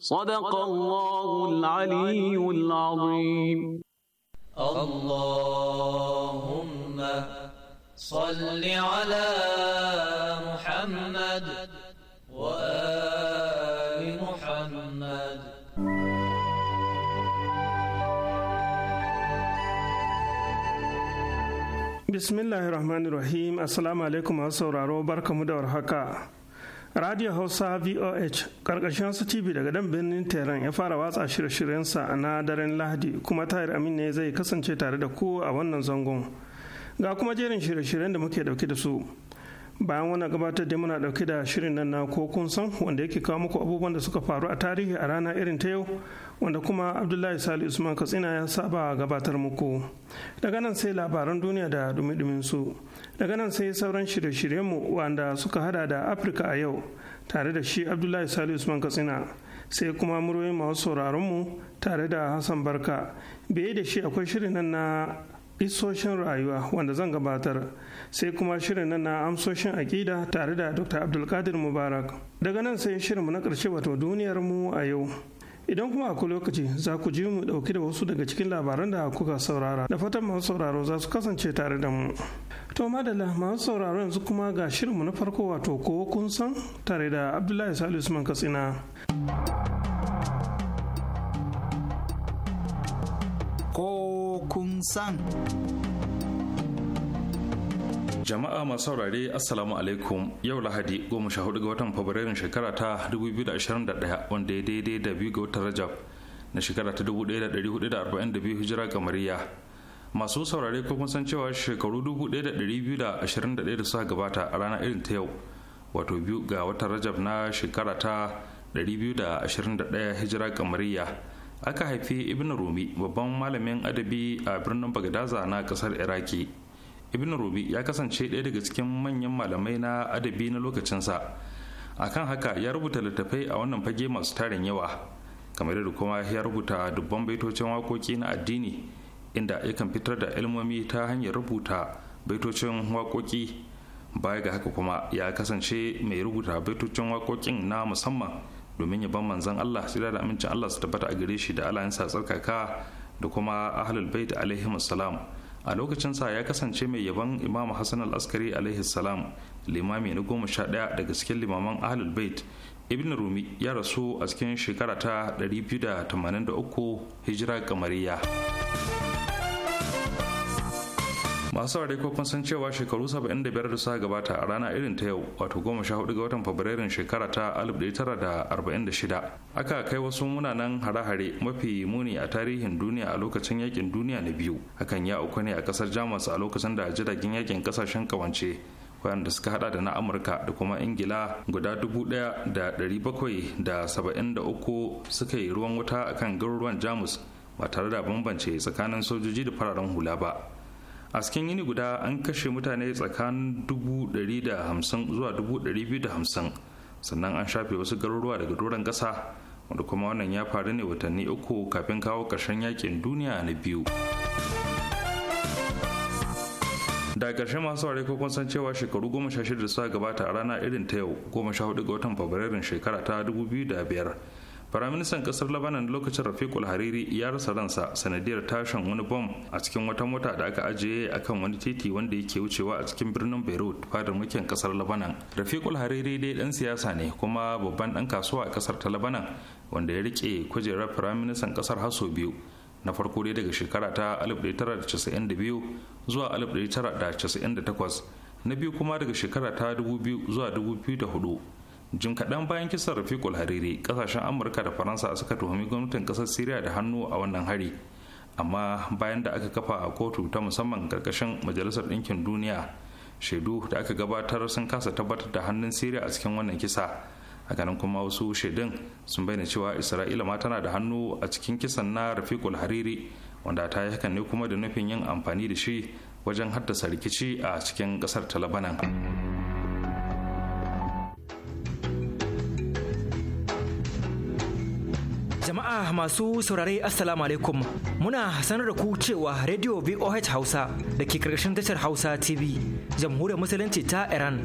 صدق الله العلي العظيم اللهم صل على محمد وآل محمد بسم الله الرحمن الرحيم السلام عليكم ورحمة الله وبركاته radio hausa voh karkashin su tv daga dan birnin tehran ya fara watsa shirye-shiryensa shiryen na daren lahadi kuma tahir amin ne zai kasance tare da ku a wannan zangon ga kuma jerin shirye-shiryen da muke dauke da su bayan wani gabatar da muna dauke da shirin nan na ko kun san wanda yake kawo muku abubuwan da suka faru a tarihi a rana irin ta yau wanda kuma abdullahi sali usman katsina ya saba gabatar muku daga nan sai labaran duniya da dumi-dumin su daga nan sai sauran shirye-shiryenmu wanda suka hada da afirka a yau tare da shi abdullahi sali usman katsina sai kuma muryoyin masu sauraronmu tare da hassan barka biye da shi akwai shirin nan na isoshin rayuwa wanda zan gabatar sai kuma shirin nan na amsoshin aƙida tare da dr abdulkadir mubarak daga nan sai mu na ƙarshe wato duniyar mu a yau idan kuma akwai lokaci za ku ji mu ɗauki da wasu daga cikin labaran da kuka saurara da fatan masu sauraro za su kasance tare da mu To madalla masu sauraro yanzu kuma ga shirinmu na farko wato ko kun san tare da Abdullahi Salisu Usman Katsina. Ko kun san. Jama'a masu saurare Assalamu alaikum yau Lahadi goma sha hudu ga watan Fabrairun shekara ta 2021 wanda ya daidai da biyu ga watan Rajab na shekara ta 1442 hijira Mariya. masu saurare ko kun san cewa shekaru 1221 da suka gabata a rana irin ta yau wato biyu ga watan rajab na shekara ta 221 hijira kamariya aka haifi ibn rumi babban malamin adabi a birnin bagdaza na kasar iraki ibn rumi ya kasance ɗaya daga cikin manyan malamai na adabi na lokacinsa akan haka ya rubuta littattafai a wannan fage masu tarin yawa kamar da kuma ya rubuta dubban baitocin waƙoƙi na addini inda yakan fitar da ilmomi ta hanyar rubuta baitocin wakoki baya ga haka kuma ya kasance mai rubuta baitocin waƙoƙin na musamman domin yaban manzon Allah sai da amincin Allah su tabbata a gare shi da sa tsarkaka da kuma ahlul bait alaihi salam a lokacin sa ya kasance mai yaban Imam hassanal al-Askari alaihi salam limami na goma sha daya daga cikin limaman ahlul bait ibn rumi ya rasu a cikin shekara ta 283 hijira kamariya masu saurare ko kun san cewa shekaru 75 da suka gabata a rana irin ta yau wato 14 ga watan fabrairun shekara ta 1946 aka kai wasu munanan hare-hare mafi muni a tarihin duniya a lokacin yakin duniya na biyu hakan ya uku ne a kasar jamus a lokacin da jiragen yakin kasashen kawance wanda suka hada da na amurka da kuma ingila guda 1,773 suka yi ruwan wuta akan garuruwan jamus ba tare da bambance tsakanin sojoji da fararen hula ba a cikin yini guda an kashe mutane tsakanin 150 zuwa 250 sannan an shafe wasu garuruwa daga doron ƙasa wanda kuma wannan ya faru ne watanni uku kafin kawo ƙarshen yakin duniya na biyu da ƙarshe masu ware ko kun san cewa shekaru goma sha shida suka gabata a rana irin ta yau goma sha hudu ga watan fabrairun shekara ta dubu biyu da biyar firaministan kasar labanan lokacin rafiqul hariri ya rasa ransa sanadiyar tashin wani bom a cikin wata mota da aka ajiye a kan wani titi wanda yake wucewa a cikin birnin beirut fadar mulkin kasar labanan rafiqul hariri dai dan siyasa ne kuma babban dan kasuwa a kasar ta labanan wanda ya rike kujerar Faraministan kasar haso biyu na farko dai daga shekara ta 1992 zuwa 1998 na biyu kuma daga shekara ta 2000 2004 jim kaɗan bayan kisan rafiqul hariri ƙasashen amurka da faransa suka tuhumi gwamnatin ƙasar syria da hannu a wannan hari amma bayan da aka kafa a kotu ta musamman ƙarƙashin majalisar ɗinkin duniya shaidu da aka gabatar sun kasa tabbatar da hannun syria a cikin wannan kisa hakanan kuma wasu shaidun sun bayyana cewa isra'ila ma tana da hannu a cikin kisan na rafiqul hariri wanda ta yi hakan ne kuma da nufin yin amfani da shi wajen haddasa rikici a cikin ƙasar ta labanan Jama'a masu saurare Assalamu alaikum muna sanar da ku cewa Radio VOH Hausa da ke karkashin tashar Hausa TV jamhuriyar musulunci ta Iran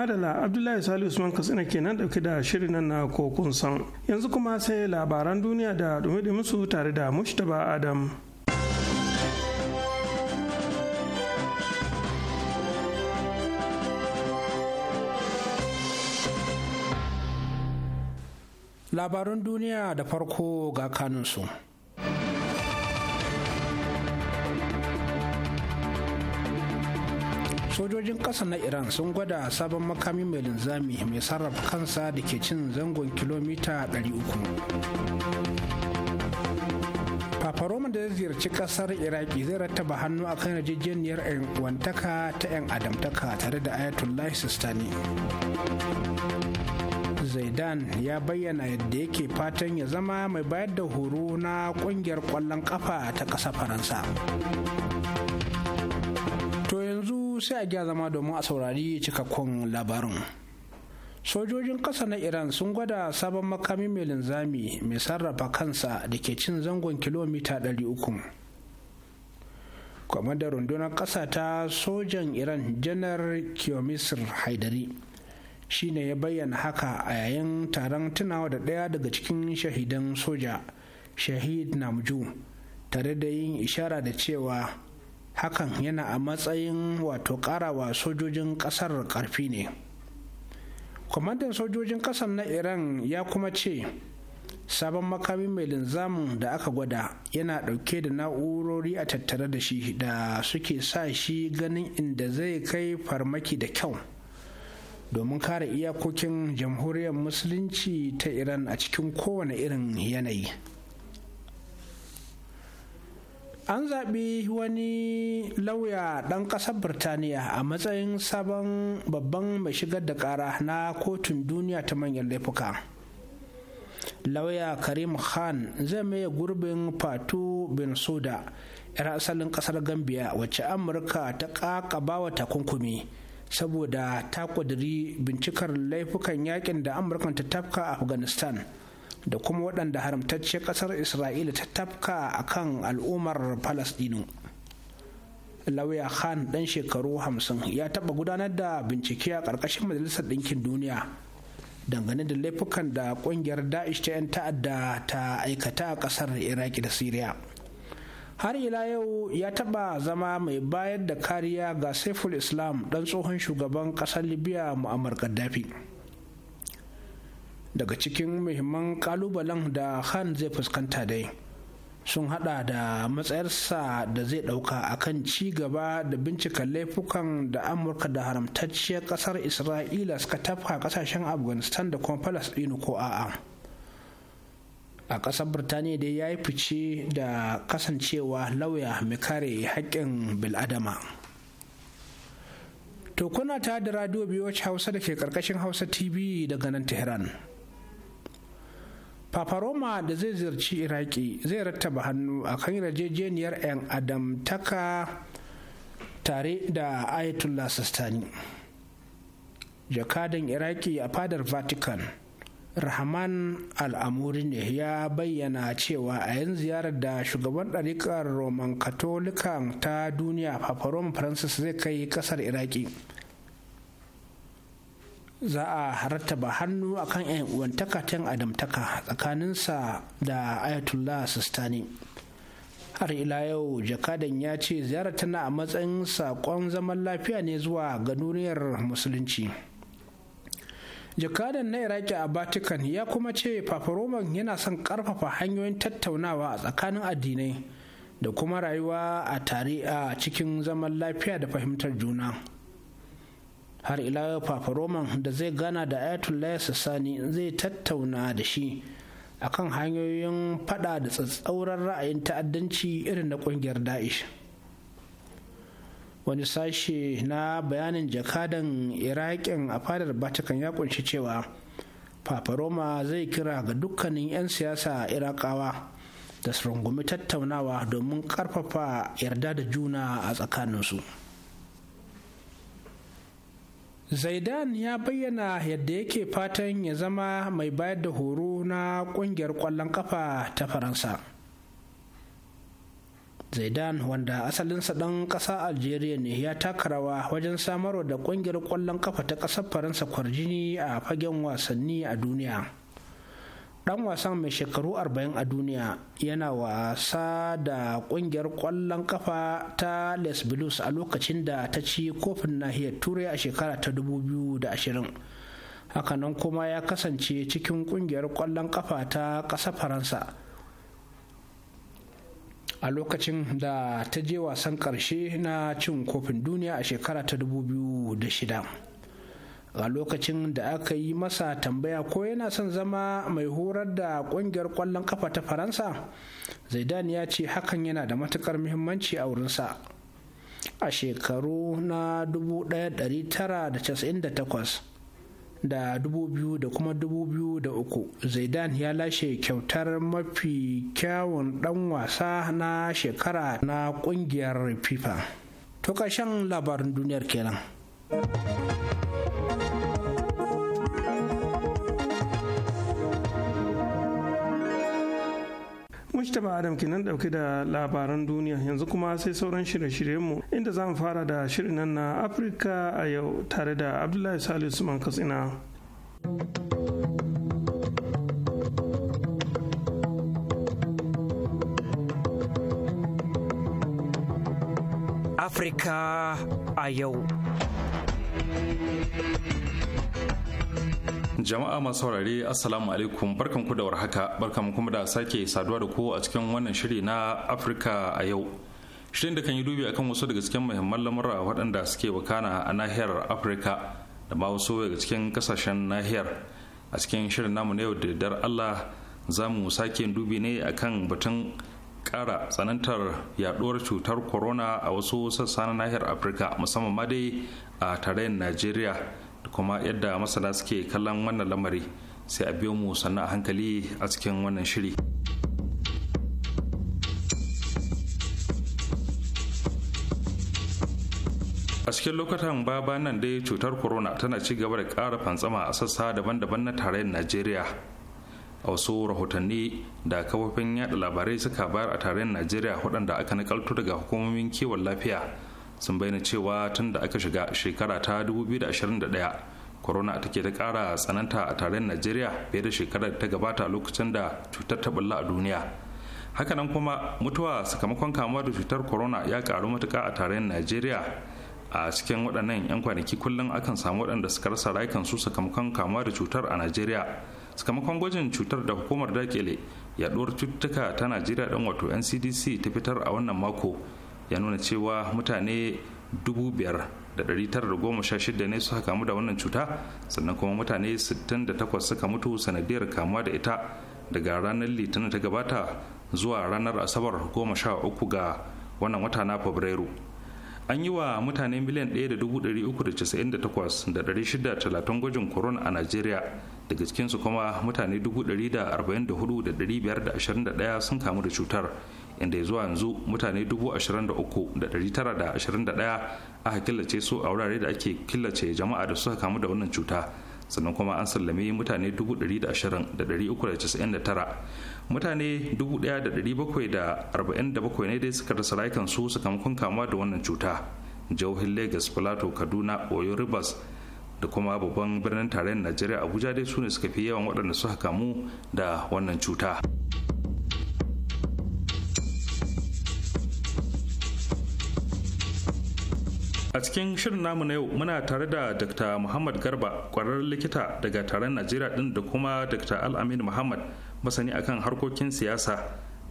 madala abdullahi salisu usman katsina kenan dauke da shirin nan na kokun san yanzu kuma sai labaran duniya da dumi musu tare da mushtaba adam labaran duniya da farko ga kanunsu. sojojin ƙasa na iran sun gwada sabon makami mai linzami mai sarrafa kansa da ke cin zangon kilomita 300 papa roman da zai ziyarci kasar iraki zai rattaba hannu a kan yarjejeniyar 'yan wantaka ta 'yan adamtaka tare da ayatollah sistani zaidan ya bayyana yadda yake fatan ya zama mai bayar da horo na kungiyar kwallon kafa ta ƙasa faransa sai a gya zama domin a saurari cikakkun labarin sojojin ƙasa na iran sun gwada sabon makami mai linzami mai sarrafa kansa da ke cin zangon kilomita 300 kwamadar rundunar ƙasa ta sojan iran janar kiyomisir haidari shi ne ya bayyana haka a yayin taron tunawa da ɗaya daga cikin shahidan soja shahid namju tare da yin ishara da cewa hakan yana a matsayin wato karawa sojojin kasar karfi ne kwamandan sojojin kasar na iran ya kuma ce sabon makami mai linzamin da aka gwada yana dauke da na'urori a tattare da shi da suke sa shi ganin inda zai kai farmaki da kyau domin kare iyakokin jamhuriyar musulunci ta iran a cikin kowane irin yanayi an zaɓi wani lauya ɗan ƙasar birtaniya a matsayin sabon babban mai shigar da ƙara na kotun duniya ta manyan laifuka lauya karim khan zai maye gurbin fatu bin soda 'yar asalin ƙasar gambia wacce amurka ta ƙaƙabawa wa takunkumi saboda ta ƙudiri bincikar laifukan yakin da amurkan ta tafka afghanistan da kuma waɗanda haramtacce ƙasar isra'ila ta tafka a kan al'ummar falasɗinu lauya khan ɗan shekaru hamsin ya taɓa gudanar da bincike a ƙarƙashin majalisar ɗinkin duniya dangane da laifukan da ƙungiyar da'ish ta 'yan ta'adda ta aikata a ƙasar iraki da Syria. har ila yau ya taɓa zama mai bayar da kariya ga saiful islam ɗan tsohon shugaban ƙasar libya mu'ammar gaddafi daga cikin muhimman kalubalen da khan zai fuskanta dai sun hada da matsayarsa da zai dauka akan ci gaba da bincika laifukan da amurka da haramtacciyar kasar isra'ila suka tafka kasashen afghanistan da kuma palestine ko a'a a kasar birtaniya dai ya yi fice da kasancewa lauya mai kare haƙƙin biladama to kuna ta da radio biyu hausa da ke karkashin hausa tv daga nan tehran paparoma da zai ziyarci iraki zai rattaba hannu a kan yarjejeniyar 'yan adamtaka tare da ayatollah sistani jakadan iraki a fadar vatican rahman al'amuri ne ya bayyana cewa a yan ziyarar da shugaban ɗariƙar roman katolika ta duniya paparoma francis zai kai ƙasar iraki za a rattaba hannu akan yan uwantaka ta adamtaka tsakaninsa da ayatollah sistani har ila yau jakadan ya ce ziyarar tana a matsayin saƙon zaman lafiya ne zuwa ga duniyar musulunci jakadan na iraki a vatican ya kuma ce roman yana son karfafa hanyoyin tattaunawa a tsakanin addinai da kuma rayuwa a tare a cikin zaman lafiya da fahimtar juna. har ila papa roman da zai gana da ayatollah sassani zai tattauna da shi akan hanyoyin fada da tsatsauran ra'ayin ta'addanci irin na kungiyar da'ish wani sashe na bayanin jakadan iraƙin a fadar batakan ya kunshi cewa papa roma zai kira ga dukkanin 'yan siyasa iraƙawa da su rungumi tattaunawa domin ƙarfafa yarda da juna a tsakaninsu. zaidan ya bayyana yadda yake fatan ya zama mai bayar da horo na kungiyar ƙwallon kafa ta faransa zaidan wanda asalinsa ɗan ƙasa algeria ne ya taka rawa wajen samarwa da ƙungiyar ƙwallon kafa ta ƙasar faransa kwarjini a fagen wasanni a duniya dan wasan mai shekaru 40 a duniya yana wasa da kungiyar kwallon kafa ta les blues a lokacin da ta ci kofin nahiyar turai a shekara ta 2020 hakanan kuma ya kasance cikin kungiyar kwallon kafa ta ƙasa faransa a lokacin da ta je wasan ƙarshe na cin kofin duniya a shekara ta 2006 a lokacin da aka yi masa tambaya ko yana son zama mai horar da kungiyar kwallon kafa ta faransa zaidan ya ce hakan yana da matukar muhimmanci a wurinsa a shekaru na 1998 da 2000 da kuma uku, zaidan ya lashe kyautar mafi kyawun dan wasa na shekara na kungiyar fifa to ƙarshen labarin duniyar kenan. Mujtama Adam kenan dauke da labaran duniya yanzu kuma sai sauran shirye-shiryenmu inda za mu fara da shirin nan na Afirka a yau tare da Abdullahi Salisu Katsina. Afirka a yau. Jama'a masu saurare Assalamu alaikum barkan ku da warhaka barkan kuma da sake saduwa da ku a cikin wannan shiri na Afirka a yau. Shirin da kan yi dubi akan wasu daga cikin muhimman lamura waɗanda suke wakana a nahiyar Afirka da ma wasu daga cikin kasashen nahiyar a cikin shirin namu na yau da dar Allah za mu sake dubi ne akan batun ƙara tsanantar yaduwar cutar corona a wasu sassa na nahiyar Afirka musamman ma dai a tarayyar najeriya da kuma yadda masana suke kallon wannan lamari sai a biyo mu sannan a hankali a cikin wannan shiri a cikin lokutan baba nan dai cutar corona tana ci gaba da ƙara fantsama a sassa daban-daban na tarayyar najeriya a wasu rahotanni da kafofin yada labarai suka bayar a tarayyar najeriya waɗanda aka nakaltu daga hukumomin kiwon lafiya sun bayyana cewa tun da aka shiga shekara ta 2021 corona take ta kara tsananta a tarayyar najeriya fiye da shekarar ta gabata lokacin da cutar ta bulla a duniya hakanan kuma mutuwa sakamakon kamuwa da cutar corona ya karu matuka a tarayyar najeriya a cikin waɗannan 'yan kwanaki kullum akan samu waɗanda suka rasa su sakamakon kamuwa da cutar a najeriya sakamakon gwajin cutar da hukumar dakile yaɗuwar cututtuka ta najeriya ɗan wato ncdc ta fitar a wannan mako ya nuna cewa mutane 5,916 ne suka kamu da wannan cuta sannan kuma mutane 68 suka mutu sanadiyar kamuwa da ita daga ranar litinin ta gabata zuwa ranar asabar 13 ga wannan wata na fabrairu an yi wa mutane miliyan 1,398,630 gwajin corona a najeriya daga cikinsu kuma mutane 144,521 sun kamu da cutar inda zuwa yanzu mutane 23,921 aka killace su a wurare da ake killace jama'a da suka kamu da wannan cuta sannan kuma an sallame mutane 120,399 mutane 1,747 ne dai suka rasa rayukansu sakamakon kamuwa da wannan cuta jihohin lagos plateau kaduna oyo rivers da kuma babban birnin tarayyar najeriya abuja dai su ne suka fi yawan waɗanda suka kamu da wannan cuta. a cikin shirin namu na yau muna tare da dr muhammad garba kwararren likita daga taron najeriya din da kuma dr amin muhammad masani akan harkokin siyasa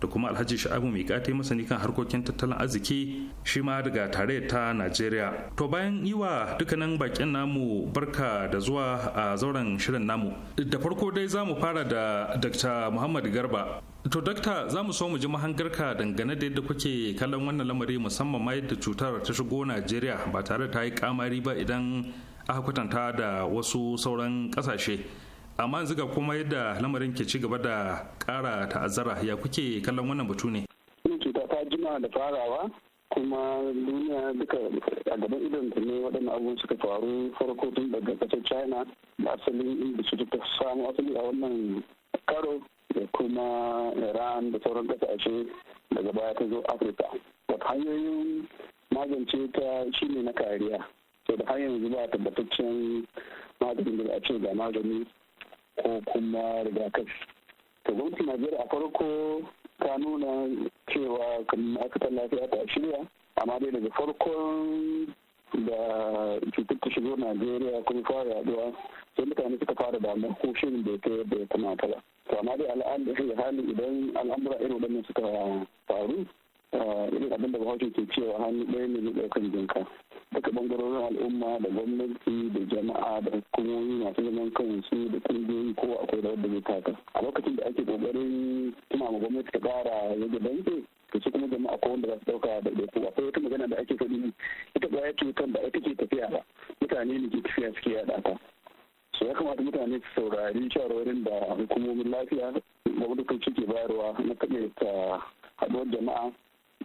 da kuma alhaji sha'abu mai kate masani kan harkokin tattalin arziki shi ma daga tare ta najeriya to bayan yi wa dukkanin bakin namu barka da zuwa a zauren shirin namu da farko dai za mu fara da dr muhammad garba to dakta za mu so mu ji mahangarka dangane da yadda kuke kallon wannan lamari musamman ma yadda cutar ta shigo najeriya ba tare da ta yi kamari ba idan aka kwatanta da wasu sauran kasashe amma yanzu ga kuma yadda lamarin ke ci gaba da ƙara ta'azzara ya kuke kallon wannan batu ne cuta ta jima da farawa kuma duniya duka a gaban idon ta ne waɗannan abubuwan suka faru farko tun daga ƙasar china da asali inda su ta samu asali a wannan karo da kuma iran da sauran ƙasashe daga baya ta zo afirka wata hanyoyin magance ta shine na kariya sau da har yanzu ba tabbataccen maganin da a ce ga magani ko kuma rigakafi to gwamnatin najeriya a farko ta nuna cewa ma'aikatar lafiya ta shirya amma dai daga farkon da cutar ta shigo najeriya kuma fara yaduwa sai mutane suka fara damuwa ko shirin bai kai yadda ya kamata ba to amma dai al'adar shi hali idan al'amura irin waɗannan suka faru eh, irin abin da bahaushe ke cewa hannu ɗaya ne na ɗaukar jinka daga bangarorin al'umma da gwamnati da jama'a da hukumomi masu zaman kansu da kungiyoyi ko akwai da wadda zai taka a lokacin da ake kokarin tuna ma gwamnati ta kara yadda banki to su kuma jama'a ko wanda za su dauka da ko akwai wata magana da ake faɗi ita ba ya cutar ba ita ke tafiya ba mutane ne ke tafiya suke yaɗa ta so ya kamata mutane su saurari shawarwarin da hukumomin lafiya gwamnati ke bayarwa na kaɗe ta haɗuwar jama'a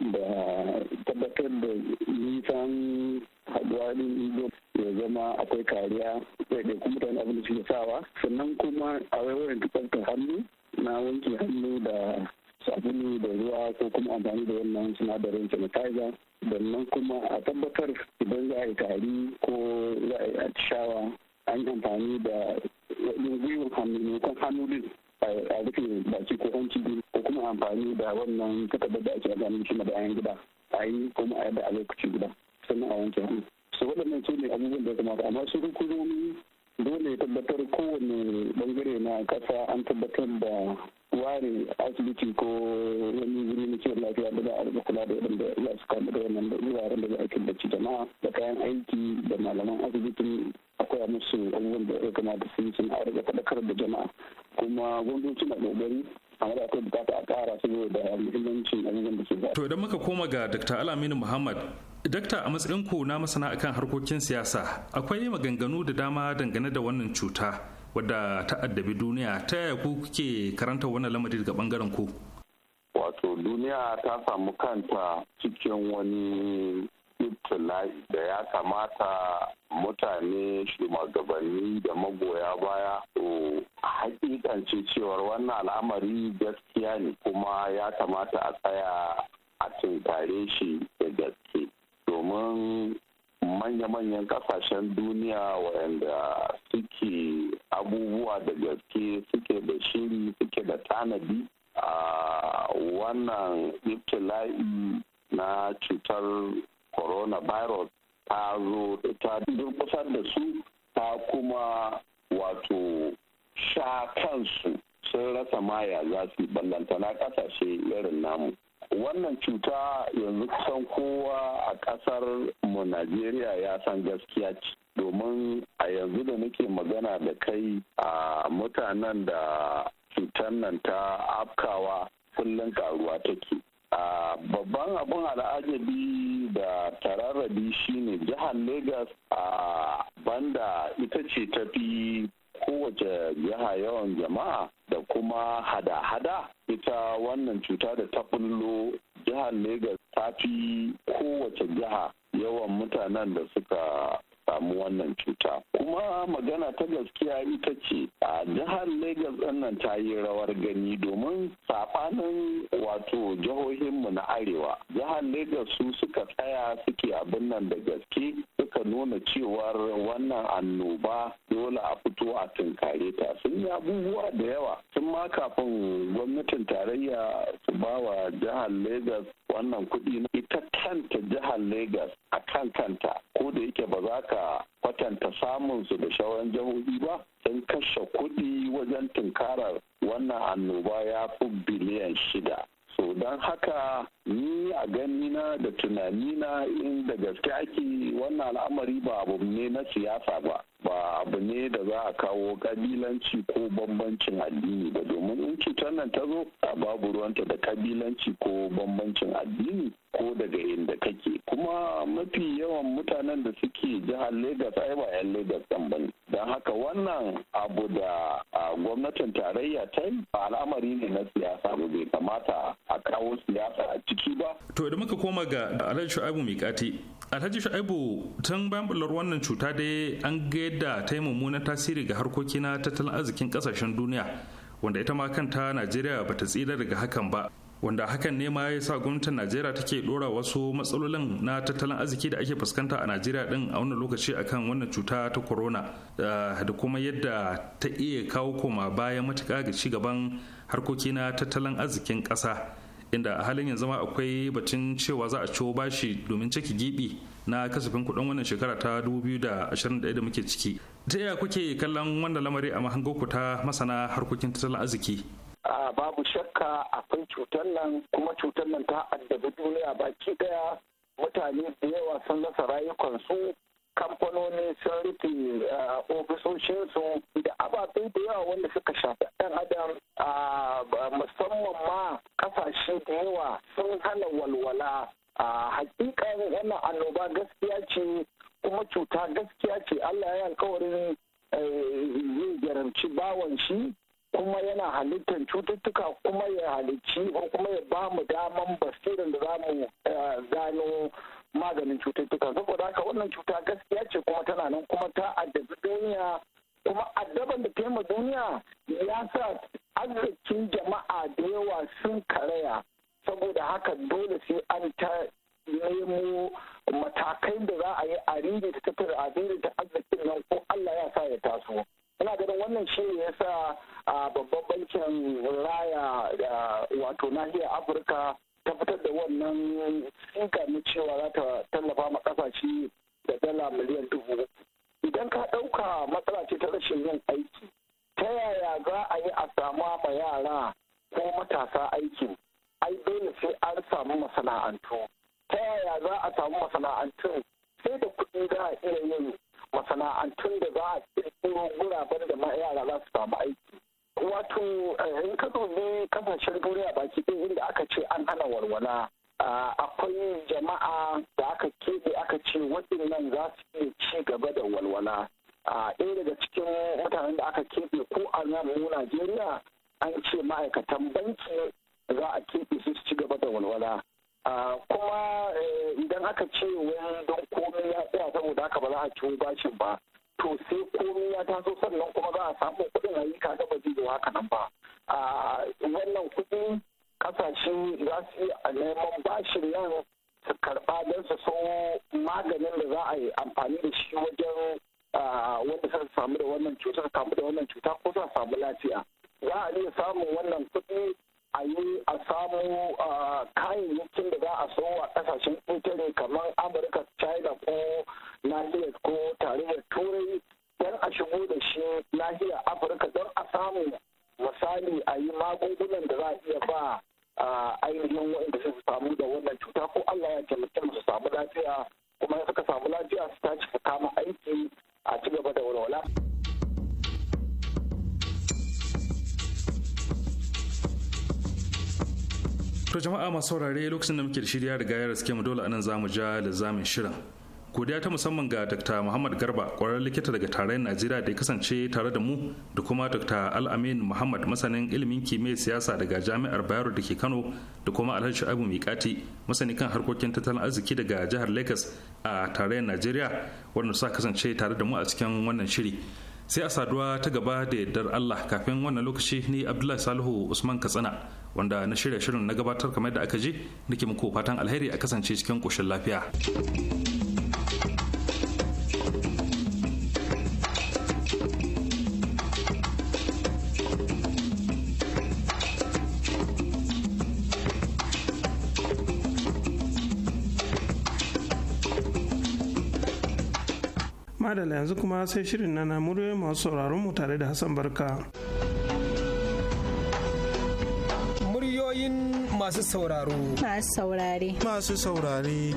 da tabbatar da nisan haɗuwa ɗin ya zama akwai kariya da kuma mutane abin da suke sawa sannan kuma a wayoyin tsaftar hannu na wanke hannu da sabulu da ruwa ko kuma amfani da wannan sinadarin sanitizer sannan kuma a tabbatar idan za a yi tari ko za a yi atishawa an yi amfani da wani gwiwar hannu ne kan hannu din a rufe baki ko hanci ko kuma amfani da wannan takardar da ake amfani shi da bayan gida a yi kuma a yadda a lokacin gida sannan a wanke hannu su waɗannan su ne abubuwan da kamata amma su hukumomi dole ya tabbatar kowane bangare na kasa an tabbatar da ware asibiti ko wani wuri na kiwon lafiya da za a rika kula da waɗanda za su kama da wannan wuraren da za a killace jama'a da kayan aiki da malaman asibitin koya musu abubuwan da ya gama da sun suna rika faɗakar da jama'a kuma gwamnati na ƙoƙari amma da akwai bukata a ƙara saboda muhimmancin abubuwan da ke to idan muka koma ga dr alaminu muhammad Dakta a matsayin ku na masana akan harkokin siyasa akwai maganganu da dama dangane da wannan cuta wadda ta addabi duniya ta yaya ku kuke karanta wannan lamari daga bangaren ku? Wato duniya ta samu kanta cikin wani ibtila'i da ya kamata mutane shugabanni da magoya baya to hakikance cewar wannan al'amari gaskiya ne kuma ya kamata a tsaya a tunkare shi da gaske domin manya-manyan kasashen duniya waɗanda suke abubuwa da gaske suke da shiri suke da tanadi a wannan iftila'i na cutar coronavirus ta zo ta durkusar da su ta kuma wato sha kansu sun rasa maya za su ballantana kasashe irin namu wannan cuta yanzu kusan kowa a kasar mu najeriya ya san gaskiya ce domin a yanzu da muke magana da kai a mutanen da cutar nan ta afkawa kullum karuwa take babban abin al'ajabi da tararrabi shine jihar lagos a banda ita ce tafi kowace jiha yawan jama'a da kuma hada-hada ita wannan cuta da ta bullo jihar lagos ta fi kowace jiha yawan mutanen da suka samu wannan cuta kuma magana ta gaskiya ita ce a jihar lagos ɗin nan ta yi rawar gani domin saɓanin wato jihohinmu na arewa jihar lagos su suka tsaya suke abin nan da gaske suka nuna cewar wannan annoba dole a fito a tunkare ta sun yi abubuwa da yawa sun ma kafin gwamnatin tarayya su ba wa jihar Legas wannan kuɗi na ita kanta jihar lagos a kan kanta ko da yake ba za ka kwatanta samun su da shawaran jihohi ba sun kashe kuɗi wajen tunkarar wannan annoba ya fi biliyan shida. So don haka ni a ganina da tunanina in da gaske ake wannan al'amari ba abu ne na siyasa ba ba abu ne da za a kawo kabilanci ko bambancin addini ba domin in cutar nan ta zo a babu ruwanta da kabilanci ko bambancin addini ko daga inda kake kuma mafi yawan mutanen da suke jihar Legas ai ba 'yan Legas ɗan ba don haka wannan abu da gwamnatin tarayya ta yi ba al'amari ne na siyasa ba bai kamata a kawo siyasa a ciki ba. To idan muka koma ga Alhaji Shu'aibu Mikati, Alhaji Shu'aibu tun bayan bullar wannan cuta dai an ga yadda ta yi mummunan tasiri ga harkoki na tattalin arzikin kasashen duniya wanda ita ma kanta Najeriya ba ta tsira daga hakan ba. wanda hakan ne ma ya sa gwamnatin najeriya take dora wasu matsalolin na tattalin arziki da ake fuskanta a najeriya din a wannan lokaci akan wannan cuta ta corona da kuma yadda ta iya kawo koma bayan matuka ga ci gaban harkoki na tattalin arzikin ƙasa inda a halin yanzu ma akwai batun cewa za a ciwo bashi domin ciki gibi na kasafin kuɗin wannan shekara ta 2021 da muke ciki ta iya kuke kallon wannan lamari a mahangoku ta masana harkokin tattalin arziki babu shakka akwai cutar nan kuma cutar nan ta addabi duniya baki daya mutane da yawa sun rasa rayukansu kamfanonin sun rufe uh, ofisoshinsu da ababe da yawa wanda suka shafi dan adam uh, musamman ma kasashe da yawa sun hana walwala uh, hakikan wannan annoba gaskiya ce kuma cuta gaskiya ce allah ya alkawarin eh, zai jaramci bawon shi kuma yana halittar cututtuka kuma ya halicci kuma ya ba mu daman basirin da za mu gano maganin cututtuka saboda haka wannan cuta gaskiya ce kuma tana nan kuma ta addabi duniya kuma addaban da ta duniya ya sa arzikin jama'a da yawa sun karaya saboda haka dole sai an ta nemo matakai da za a yi a rinda ta tattara a ta arzikin nan ko Allah ya sa ya taso ina ganin wannan shi ne ya sa babban bankin raya wato nahiyar afirka ta da wannan tsinka na cewa za ta tallafa ma kasashe da dala miliyan dubu idan ka ɗauka matsala ce ta rashin yin aiki ta yaya za a yi a samu ma yara ko matasa aikin ai dole sai an samu masana'antu ta yaya za a samu masana'antu? sai da kuɗi za a iya yin masana'antun da za a ƙirƙiro guraben da ma yara za su samu aiki wato eh, in ka dubi kasashen duniya baki ɗin inda aka ce an hana walwala akwai jama'a da aka keɓe aka ce waɗannan za su iya ci gaba da walwala ɗaya daga cikin mutanen da aka keɓe ko a mu najeriya an ce ma'aikatan banki za a keɓe su ci gaba da walwala kuma eh, idan aka ce wani don komai ya tsaya saboda haka ba za a ci bashin ba to sai komai ya taso sannan kuma za a samu kuɗin a yi kaga ba zai haka nan ba wannan kuɗi kasashe za su yi a neman bashin nan su karɓa don su so maganin da za a yi amfani da shi wajen wanda su samu da wannan cuta samu da wannan cuta ko za samu lafiya za a iya samun wannan kuɗi a yi a samu kayayyakin da za a so a kasashen ƙetare kamar amurka china ko nahiyar ko tarayyar turai don a shigo da shi nahiyar afirka don a samu misali a yi magungunan da za a iya ba ainihin wanda su samu da wannan cuta ko allah ya mutum su samu lafiya kuma suka samu lafiya su tashi su kama aiki a ci gaba da walwala. to jama'a masu saurare lokacin da muke da shirya da gayar suke mu dole anan zamu ja da zamin shirin godiya ta musamman ga dr muhammad garba ƙwararren likita daga tarayyar najeriya da ya kasance tare da mu da kuma dr amin muhammad masanin ilimin kimiyyar siyasa daga jami'ar bayero da ke kano da kuma alhaji abu mikati masani kan harkokin tattalin arziki daga jihar lagos a tarayyar najeriya wanda suka kasance tare da mu a cikin wannan shiri sai a saduwa ta gaba da yardar Allah kafin wannan lokaci ni Abdullahi Salihu Usman Katsina wanda na shirya shirin na gabatar kamar da aka ji nake muku fatan alheri a kasance cikin koshin lafiya. madalla yanzu kuma sai shirin na na masu sauraron mu tare da hassan barka muryoyin masu sauraro masu saurare masu saurare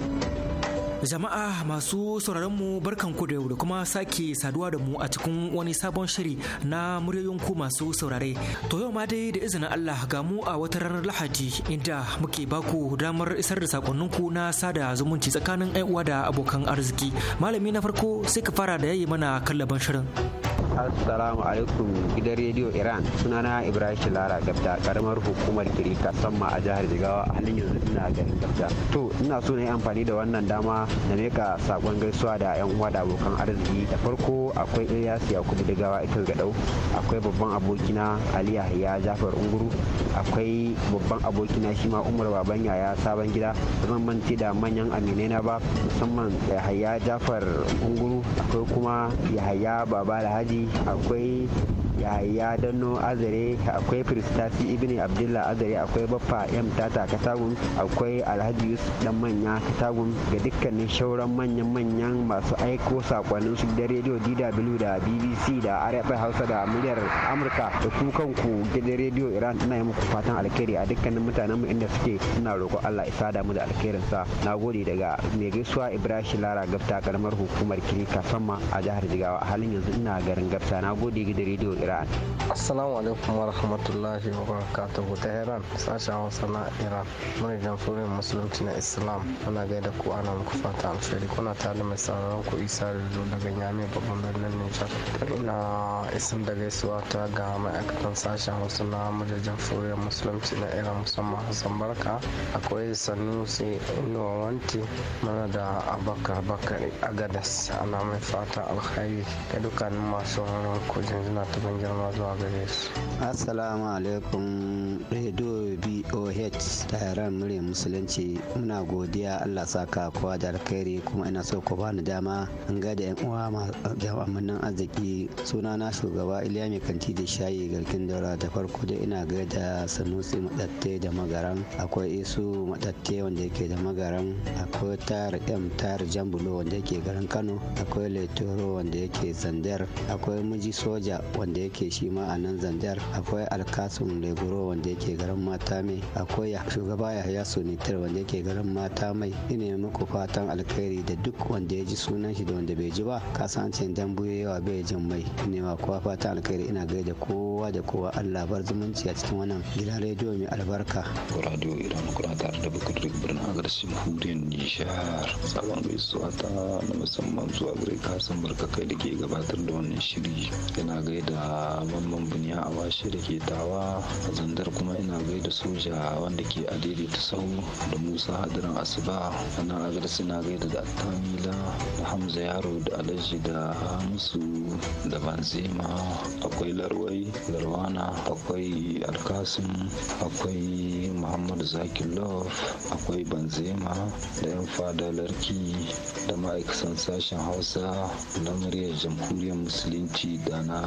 Jama'a masu sauraron mu ku da yau da kuma sake saduwa da mu a cikin wani sabon shiri na muryoyin ku masu saurare. To yau ma dai da izinin Allah ga mu a wata ranar Lahadi inda muke baku damar isar da sakonninku na sada zumunci tsakanin uwa da abokan arziki. Malami na farko sai ka fara da yayi mana kallaban shirin. assalamu alaikum gidan rediyo iran sunana ibrahim lara gabda karamar hukumar kiri samma a jihar jigawa a halin yanzu ina garin gabda to ina so na yi amfani da wannan dama na meka sakon gaisuwa da yan uwa da abokan arziki da farko akwai ilyas yakubu digawa ita gadau akwai babban abokina ali yahya jafar unguru akwai babban abokina shi ma umar baban yaya sabon gida zan manta da manyan aminai na ba musamman Yahya jafar unguru akwai kuma yahaya baba alhaji Away. yahaya dano azare akwai firistasi ibn abdullah azare akwai baffa yam tata katagun akwai alhaji yusuf dan manya katagun ga dukkanin shauran manyan manyan masu aiko sakonnin su da rediyo dw da bbc da rfi hausa da muryar amurka da ku kanku gidan rediyo iran ina yi muku fatan alkhairi a dukkanin mutanenmu inda suke ina roƙon allah isa da mu da sa na gode daga mai gaisuwa ibrahim lara gafta karamar hukumar kirika sama a jihar jigawa a halin yanzu ina garin gafta na gode gidan rediyo iran assalamu alaikum wa rahmatullahi wa barakatuhu tehran sashen hausa na iran mai jamhuriyar musulunci na islam ana gaida ku ana muku fata alheri kuna tare mai sauraron ku isa rizo daga yami babban birnin nijar ina isin da gaisuwa ta ga ma'aikatan sashen hausa na muryar jamhuriyar musulunci na iran musamman hassan barka akwai sanusi inuwa wanti da abakar bakari agadas ana mai fata alhari ga dukkanin masu wani kujin zina ta ganin girma zuwa gare su assalamu alaikum radio boh taron murya musulunci muna godiya allah saka kowa da alkhairi kuma ina so ku bani dama an da ƴan uwa jama'an nan arziki suna na shugaba iliya mai kanti da shayi garkin daura da farko da ina gaida sanusi madatte da magaran akwai isu madatte wanda yake da magaran akwai tar m tar jambulo wanda yake garin kano akwai letoro wanda yake zandar akwai miji soja wanda yake shi ma a nan zanjar akwai alkasun leburo wanda yake garin mata mai akwai shugaba yahaya sunitar wanda yake garin mata mai ina muku fatan alkhairi da duk wanda ya ji sunan shi da wanda bai ji ba kasancin dan yawa bai jin mai ina ma kowa fatan alkhairi ina gaida kowa da kowa Allah bar zumunci a cikin wannan gida rediyo mai albarka radio iran kuna tare da bakar birnin agarsu huriyar nishar sabon gaisuwa ta na musamman zuwa gare kasan kai da ke gabatar da wannan shiri yana gaida mamman buniya a washe da ke tawa a zandar kuma ina gaida soja wanda ke ta sahu da musa hadirin asuba a nan agar suna gaida da attamila da hamza yaro da alaji da hamsu da banzema akwai larwai larwana akwai alkasim akwai muhammad zaki love akwai banzema da yan fada larki da ma'aikatan sashen hausa na muryar jamhuriyar musulunci da na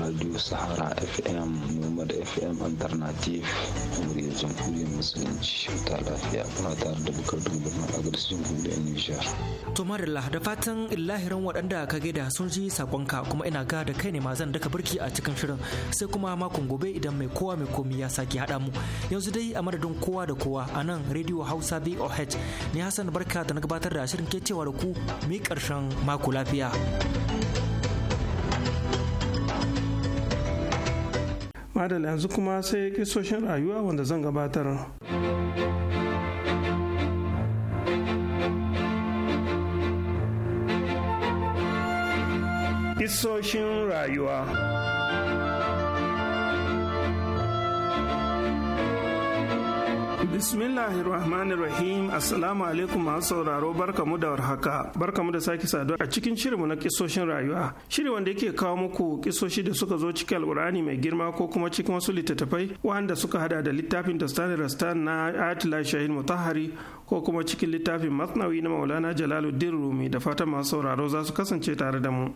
radio sahara fm da fm alternative muryar jamhuriyar musulunci ta lafiya kuna tare da bukar dubban agadis jamhuriyar nijar to marilla da fatan lahirin waɗanda ka gaida sun ji sakonka kuma ina ga da kai ne ma zan daka birki a cikin shirin sai kuma makon gobe idan mai kowa mai komi ya sake haɗa mu yanzu dai a madadin kowa da kowa a nan radio hausa boh ni hassan barka da na gabatar da shirin ke cewa da ku mai karshen ƙarshen mako lafiya. madal yanzu kuma sai kisoshin rayuwa wanda zan gabatar kisoshin rayuwa Bismillahirrahmanirrahim Assalamu alaikum masu sauraro mu da warhaka barkamu da sake saduwa a cikin shirinmu na kisoshin rayuwa shiri wanda yake kawo muku kisoshi da suka zo cikin alkur'ani mai girma ko kuma cikin wasu littattafai wanda suka hada da littafin Dastan Rastan na Atila shahin Mutahari ko kuma cikin littafin Masnawi na Maulana Jalaluddin Rumi da fatan masu sauraro za su kasance tare da mu.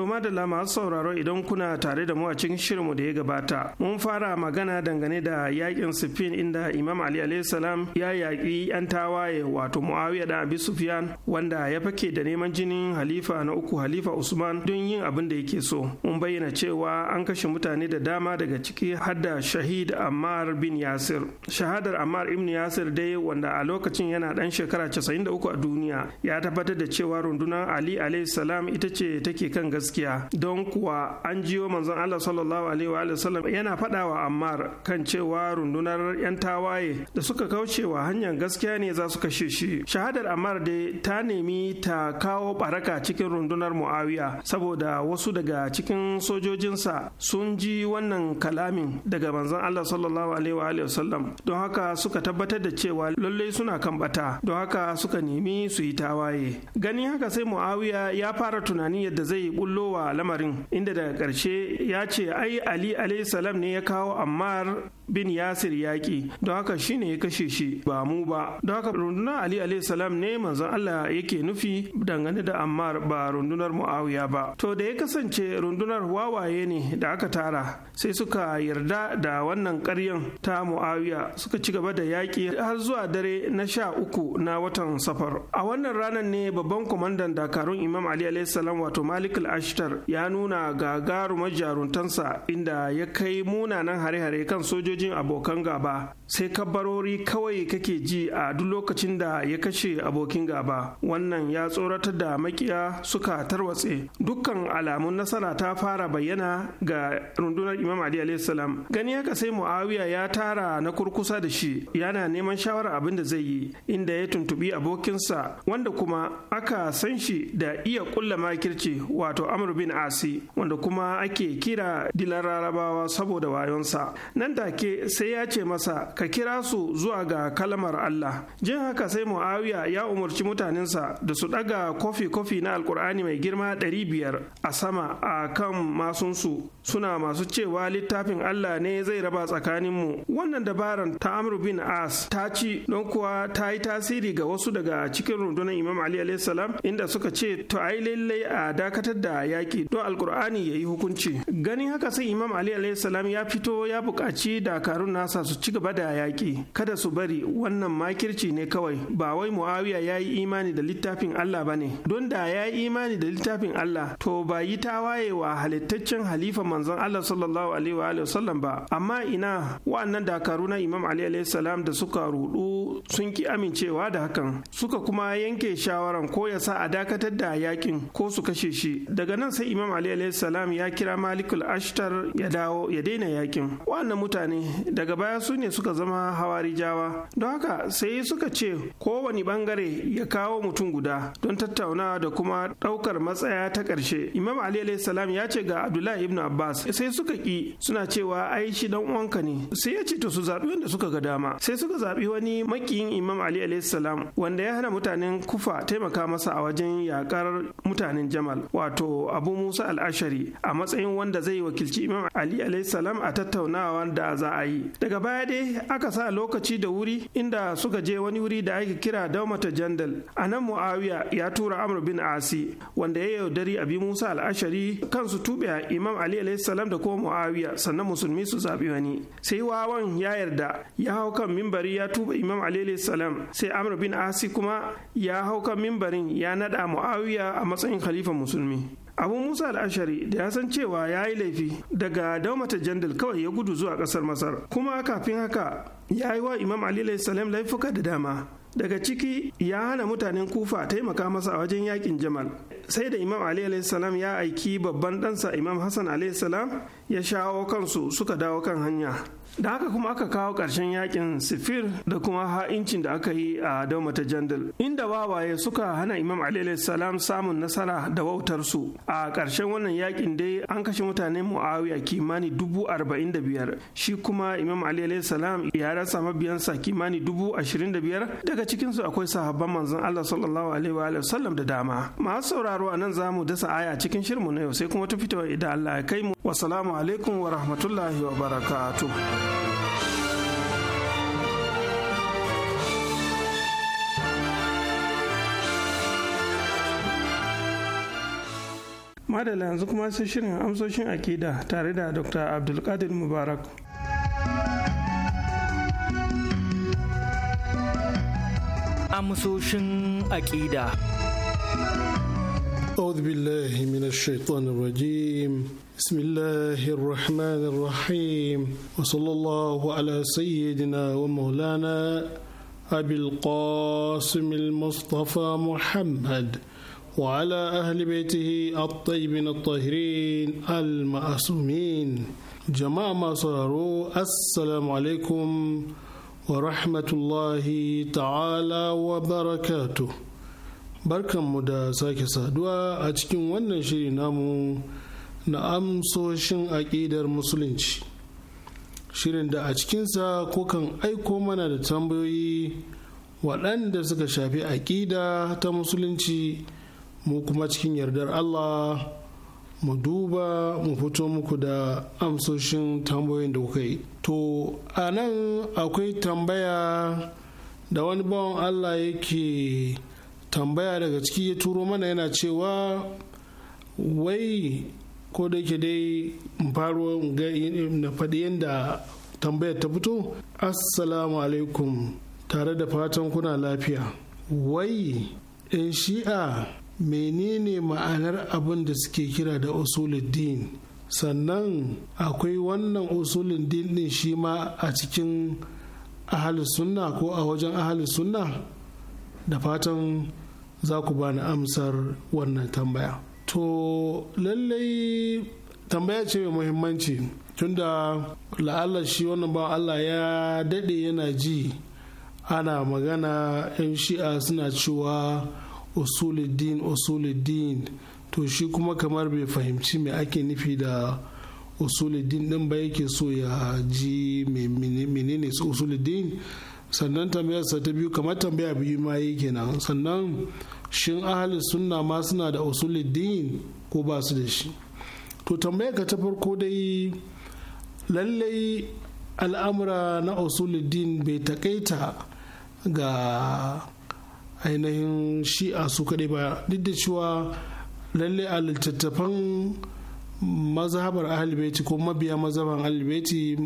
To madalla masu sauraro idan kuna tare da mu a cikin shirinmu da ya gabata. Mun fara magana dangane da yakin Siffin inda Imam Ali salam ya yaƙi 'yan tawaye wato Muawiya da Abi Sufyan wanda ya fake da neman jinin halifa na uku halifa Usman don yin abin da yake so. Mun bayyana cewa an kashe mutane da dama daga ciki hadda shahid Ammar bin Yasir. Shahadar Ammar ibn Yasir dai wanda a lokacin yana dan shekara 93 a duniya ya tabbatar da cewa rundunar Ali salam ita ce take kan gaskiya gaskiya don kuwa an jiyo manzon Allah sallallahu alaihi wa sallam yana faɗawa Ammar kan cewa rundunar 'yan tawaye da suka wa hanyar gaskiya ne za su kashe shi shahadar Ammar dai ta nemi ta kawo baraka cikin rundunar Muawiya saboda wasu daga cikin sojojinsa sun ji wannan kalamin daga manzon Allah sallallahu alaihi wa sallam don haka suka tabbatar da cewa lallai suna kan bata don haka suka nemi su yi tawaye Gani haka sai Muawiya ya fara tunani yadda zai yi bullo lamarin inda daga ƙarshe ya ce ai ali salam ne ya kawo ammar bin Yasir yaƙi don haka shi ne ya kashe shi ba mu ba don haka rundunar Ali alayhi salam ne manzon Allah yake nufi dangane da Ammar ba rundunar Muawiya ba to da ya kasance rundunar wawaye ne da aka tara sai suka yarda da wannan ƙaryan ta Muawiya suka ci gaba da yaƙi har zuwa dare na sha uku na watan safar a wannan ranar ne babban kwamandan dakarun imam ali salam wato malik Al ashtar ya nuna gagarumar jaruntansa inda ya kai munanan hare-hare kan sojoji jin abokan gaba sai kabarori kawai kake ji a duk lokacin da ya kashe abokin gaba wannan ya tsoratar da makiya suka tarwatse dukkan alamun nasara ta fara bayyana ga rundunar imam ali salam gani haka sai muawiya ya tara na kurkusa da shi yana neman shawarar abin da zai yi inda ya tuntubi abokinsa wanda kuma aka san shi da iya kulla makirci wato amr bin asi wanda kuma ake kira dilan rarabawa saboda wayonsa nan take sai ya ce masa ka kira su zuwa ga kalmar Allah jin haka sai Muawiya ya umarci mutanensa da su daga kofi kofi na alkur'ani mai girma ɗari biyar a sama a kan masunsu suna masu cewa littafin Allah ne zai raba tsakaninmu wannan dabaran ta Amr bin As ta ci don kuwa ta yi tasiri ga wasu daga cikin rundunar Imam Ali salam inda suka ce to ai lallai a dakatar da yaki don alkur'ani ya yi hukunci ganin haka sai Imam Ali salam ya fito ya buƙaci dakarun nasa su ci gaba da a yaƙi kada su bari wannan makirci ne kawai ba wai muawiya ya yi imani da littafin Allah ba ne don da ya yi imani da littafin Allah to ba yi waye wa halittaccen halifa manzon Allah sallallahu alaihi wa ba amma ina wa'annan dakaru na Imam Ali alaihi salam da suka rudu sun ki amincewa da hakan suka kuma yanke shawaran ko ya sa a dakatar da yakin ko su kashe shi daga nan sai Imam Ali alaihi salam ya kira Malikul Ashtar ya dawo ya daina yakin wa'annan mutane daga baya su ne suka zama hawarijawa don haka sai suka ce kowane bangare ya kawo mutum guda don tattaunawa da kuma daukar matsaya ta karshe. imam ali salam ya ce ga abdullahi ibn abbas sai suka ki suna cewa ai shi dan uwanka ne sai ya ce to su zaɓi wanda suka ga dama sai suka zaɓi wani makiyin imam ali salam wanda ya hana mutanen kufa taimaka masa a wajen yakar mutanen jamal wato abu musa al ashari a matsayin wanda zai wakilci imam ali salam a tattaunawa da za a yi daga baya dai aka sa lokaci da wuri inda suka je wani wuri da ake kira daumata jandal a nan muawiya ya tura amr bin asi wanda ya yaudari abi musa al'ashari kansu tuɓe imam ali salam da ko muawiya sannan musulmi su zaɓi wani sai wawan ya yarda ya hau kan mimbari ya tuba imam ali sai amr bin asi kuma ya hau kan mimbarin ya naɗa muawiya a matsayin khalifan musulmi abu musa al'ashari da ya san cewa ya yi laifi daga daumata jandal kawai ya gudu zuwa kasar masar kuma kafin haka ya yi wa imam ali salam laifuka da dama daga ciki ya hana mutanen kufa taimaka masa a wajen yakin jamal sai da imam ali salam ya aiki babban ɗansa imam hassan salam ya shawo kansu suka dawo kan hanya da haka kuma aka kawo ƙarshen yakin sifir da kuma ha'incin da aka yi a ta jandal inda wawaye suka hana imam alaihi salam samun nasara da wautar su a ƙarshen wannan yakin dai an kashe mutane muawiya kimani dubu arba'in da biyar shi kuma imam alaihi salam ya rasa mabiyansa kimani dubu ashirin da biyar daga cikinsu akwai sahabban manzon allah sallallahu alaihi wa sallam da dama masu sauraro a nan zamu dasa aya cikin shirmu na yau sai kuma ta fitowa idan allah ya kai mu wasalamu alaikum wa rahmatullahi wa barakatuh madala yanzu kuma sai shirin amsoshin akida tare da dr abdulkadir mubarak amsoshin akida أعوذ بالله من الشيطان الرجيم بسم الله الرحمن الرحيم وصلى الله على سيدنا ومولانا أبي القاسم المصطفى محمد وعلى أهل بيته الطيبين الطاهرين المعصومين جماعة ما صرروا السلام عليكم ورحمة الله تعالى وبركاته barkanmu da sake saduwa a cikin wannan shiri namu na amsoshin aƙidar musulunci shirin da a cikinsa kukan aiko mana da tambayoyi waɗanda suka shafi aƙida ta musulunci mu kuma cikin yardar Allah mu duba mu fito muku da amsoshin tambayoyin da kuka yi to a nan akwai tambaya da wani bawan Allah yake tambaya daga ciki ya turo mana yana cewa wai ko da yake dai faro na faɗi yadda tambayar ta fito assalamu alaikum tare da fatan kuna lafiya wai In shi'a menene ma'anar abin da suke kira da din sannan akwai wannan usulun din din shi ma a cikin ahalus sunna ko a wajen ahalus sunna da fatan za ku bani amsar wannan tambaya to lallai tambaya ce mai muhimmanci tunda la'allar shi wannan ba Allah ya daɗe yana ji ana magana 'yan shi'a suna cewa usuluddin usuluddin to shi kuma kamar bai fahimci me ake nufi da usuluddin din ba yake so ya ji menene usuluddin sannan tambayarsa ta biyu kamar tambaya biyu ma yi kenan sannan shin ahli sunna ma suna da usuluddin ko ba su da shi to tambayar ka ta farko dai lallai al'amura na usuluddin bai takaita ga ainihin shi'a su kaɗai ba duk da cewa lalle a littattafan mazhabar ahalbeti ko mabiya mazhabar ahalbeti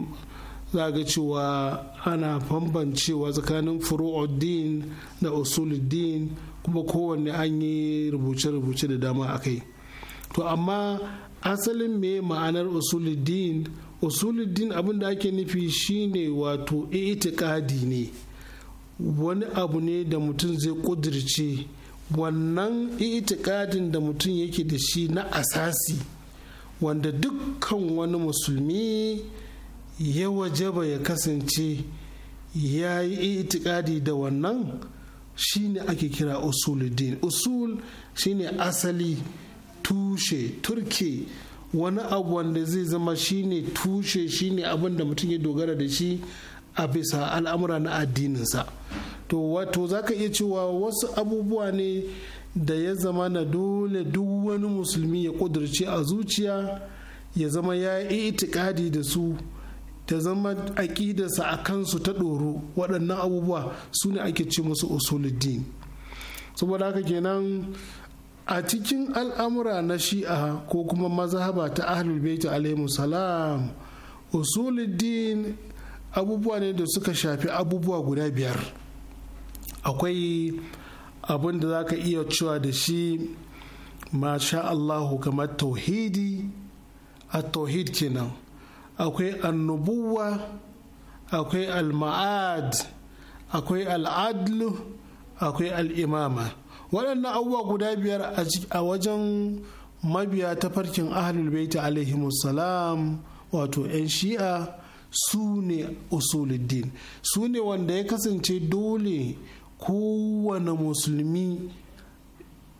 za ga cewa ana bambancewa tsakanin furu'uddin da usuluddin kuma kowanne an yi rubuce-rubuce da dama a kai to amma asalin me ma'anar usuluddin usuluddin abin da ake nufi shine wato itikadi ne wani abu ne da mutum zai kudirce wannan itikadin da mutum yake da shi na asasi wanda dukkan wani musulmi ya wajaba ya kasance ya yi itikadi da wannan shine ake kira usuluddin usul shine asali tushe turke wani abu wanda zai zama shine tushe shine abin da mutum ya dogara da shi a bisa al'amura na addininsa to wato za ka iya cewa wasu abubuwa ne da ya zama na dole duk wani musulmi ya kudurce a zuciya ya zama ya yi itikadi da su ta zama aƙidarsa a kansu ta ɗoro waɗannan abubuwa su ne ake ce musu usuluddin saboda haka kenan a cikin al'amura na shi'a ko kuma mazhaba ta ahlul baiti alaihi salam usuluddin abubuwa ne da suka shafi abubuwa guda biyar akwai abin da za ka iya cewa da shi masha Allahu kamar tauhidi a tauhid kenan akwai annubuwa akwai alma'ad akwai al'adlu akwai al'imama waɗannan abubuwa guda biyar a wajen mabiya ta farkin ahlul baiti alaihi wato 'yan shi'a su ne usuluddin su ne wanda ya kasance dole kowane musulmi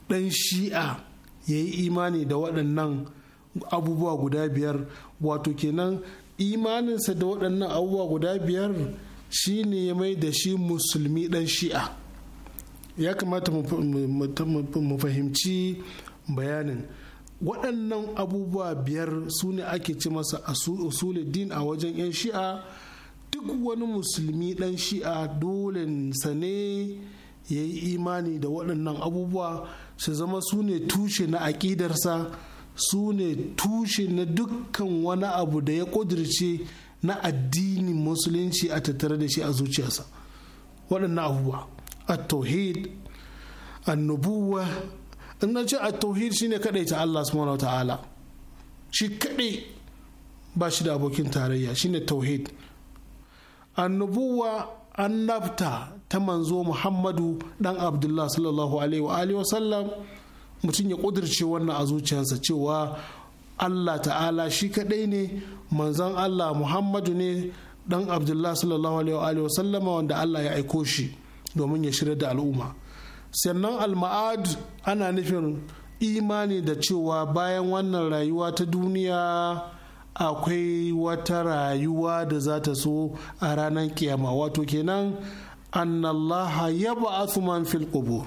ɗan shi'a ya yi imani da waɗannan abubuwa guda biyar wato kenan imaninsa da waɗannan abubuwa guda biyar shi ne ya mai da shi musulmi ɗan shi'a ya kamata mu fahimci bayanin waɗannan abubuwa biyar su ne ake ce masa usuluddin a wajen 'yan shi'a duk wani musulmi ɗan shi'a dole ne ya yi imani da waɗannan abubuwa su zama su ne tushe na aƙidarsa su ne tushe na dukkan wani abu da ya ƙudurce na addinin musulunci a tattare da shi a zuciyarsa waɗannan abubuwa a tauhid annubuwa na ce a tauhid shine ta Allah subhanahu ta'ala shi kadai ba shi da abokin tarayya shine tauhid annubuwa annabta ta manzo Muhammadu dan abdullahi sallallahu alaihi wa alihi wasallam mutum ya kudirce wannan a zuciyarsa cewa Allah ta'ala shi kadai ne manzon Allah Muhammadu ne dan abdullahi sallallahu alaihi wa alihi wasallama wanda Allah ya aiko shi domin ya shirya da al'umma sannan alma'ad ana nufin imani da cewa bayan wannan rayuwa ta duniya akwai wata rayuwa da za ta so a ranar kiyama wato kenan annallaha ya ba fil qubur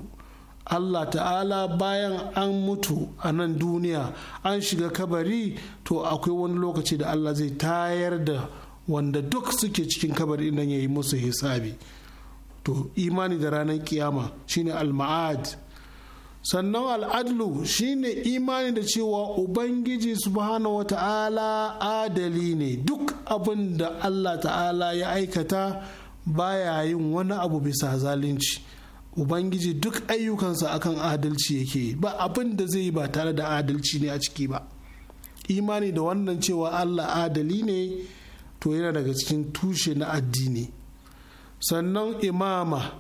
Allah ta'ala bayan an mutu a nan duniya an shiga kabari to akwai wani lokaci da Allah zai tayar da wanda duk suke cikin kabari nan ya yi musu hisabi. to imani da ranar kiyama shine al-ma'ad sannan al'adlu shine imani da cewa ubangiji subhanahu wata'ala adali ne duk abin da allah ta'ala ya aikata baya yin wani abu bisa zalunci ubangiji duk ayyukansa akan adalci yake ba abin da zai yi ba tare da adalci ne a ciki ba imani da wannan cewa allah adali ne to yana daga cikin tushe na addini sannan imama